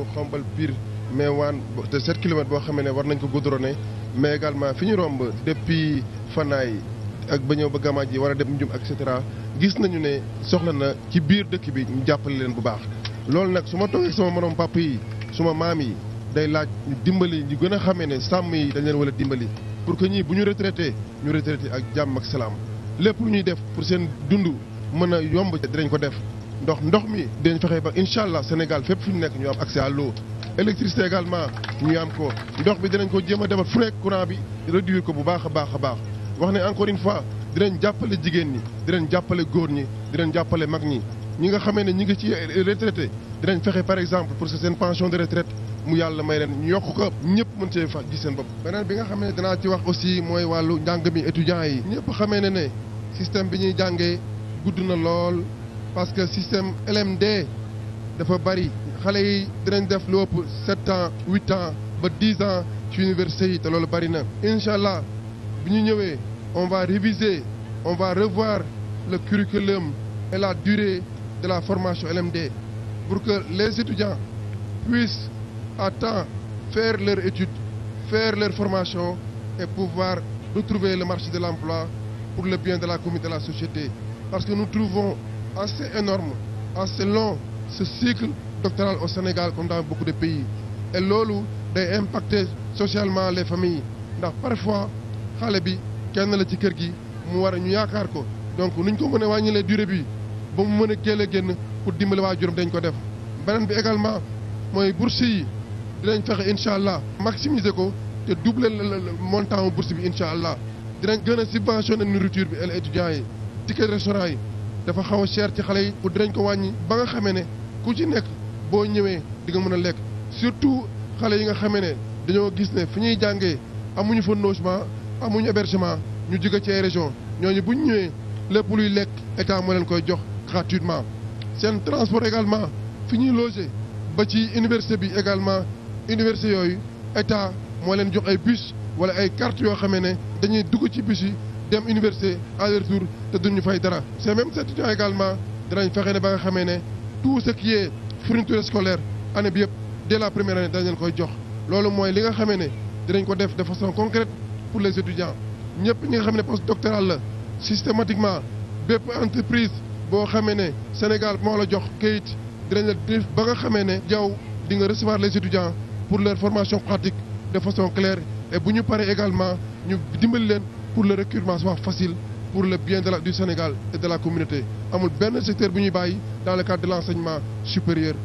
yoonu xombal pire mais waan de 7 boo xamee ne war nañ ko goudronné mais également fi ñu romb depuis fanaay ak ba ñëw ba gamaaj yi war a dem njum et cetera gis nañu ne soxla na ci biir dëkk bi ñu jàppale leen bu baax loolu nag su ma toogee sama morom papa yi suma maam yi day laaj ñu dimbali ñu gën a xamee ne sàmm yi dañ leen wala dimbali pour que ñii bu ñu retraité ñu retraité ak jàmm ak salaam lépp lu ñuy def pour seen dund mën a yomb dinañ ko def ndox ndox mi dañ fexe ba incha allah Sénégal fépp fu ñu nekk ñu am accès à l'eau électricité également ñu am ko ndox bi danañ ko jéem a defar fu nekk courant bi réduire ko bu baaxa a baax a baax wax ne encore une fois dinañ jàppale jigéen ñi dinañ jàppale góor ñi dinañ jàppale mag ñi ñi nga xamee ne ñi ngi ci retraité danañ fexe par exemple pour que seen pension de retraite mu yàlla may leen ñu yokk ko ñëpp mën cee fa gis seen bopp. beneen bi nga xamee ne danaa ci wax aussi mooy wàllu njàng mi étudiants yi. ñëpp xamee ne ne système bi ñuy jàngee gudd na lool. parce que système LMD dafa bari xale yi dinañ def lu ëpp sept ans huit ans ba dix ans ci université yi te loolu bari na. incha allah bu ñu ñëwee on va réviser on va revoir le curriculum et la durée de la formation LMD pour que les étudiants puissent à temps faire leur étude faire leur formation et pouvoir retrouver le marché de l'emploi pour le bien de la communauté de la société parce que nous trouvons assez énorme, assez long, ce cycle doctoral au Sénégal comme dans beaucoup de pays. loolu day impacter socialement les familles ndax parfois xale bi kenn la ci kër gi mu war ñu yaakaar ko donc nuñ ko mën a wàññilee durée bi ba mu mën a géele génn pour dimbali waa juróom dañ ko def. beneen bi également mooy bourse yi dinañ fexe incha allah maximiser ko te doubler montant bourse bi incha allah dinañ gën a subventionner nourriture bi et étudiants yi ticket restaurant yi. dafa xaw a cher ci xale yi pour dinañ ko wàññi ba nga xamee ne ku ci nekk boo ñëwee di nga mën a lekk surtout xale yi nga xamee ne dañoo gis ne fi ñuy jàngee amuñu fa logement amuñu hébergement ñu jóge ci ay région ñooñu bu ñu ñëwee lépp luy lekk état moo leen koy jox gratuitement seen transport également fi ñuy loger ba ci université bi également université yooyu état moo leen jox ay bus wala ay carte yoo xamee ne dañuy dugg ci bus yi dem université aller retour te duñu fay dara ces mêmes également danañ fexe ne ba nga xamee ne tout ce qui est fourniture scolaire année bi yëpp dès la première année dañ leen koy jox loolu mooy li nga xamee ne dinañ ko def de façon concrète pour les étudiants ñëpp ñi nga xam ne post doctoral la systématiquement bépp entreprise boo xamee ne Sénégal moo la jox kayit dinañ la def ba nga xamee ne jaw di nga recevoir les étudiants pour leur formation pratique de façon claire bu ñu paree également ñu dimbali leen pour le recrutement facile pour le bien de la du Sénégal et de la communauté amul benn secteur bu ñuy bàyyi dans le cadre de l'enseignement supérieur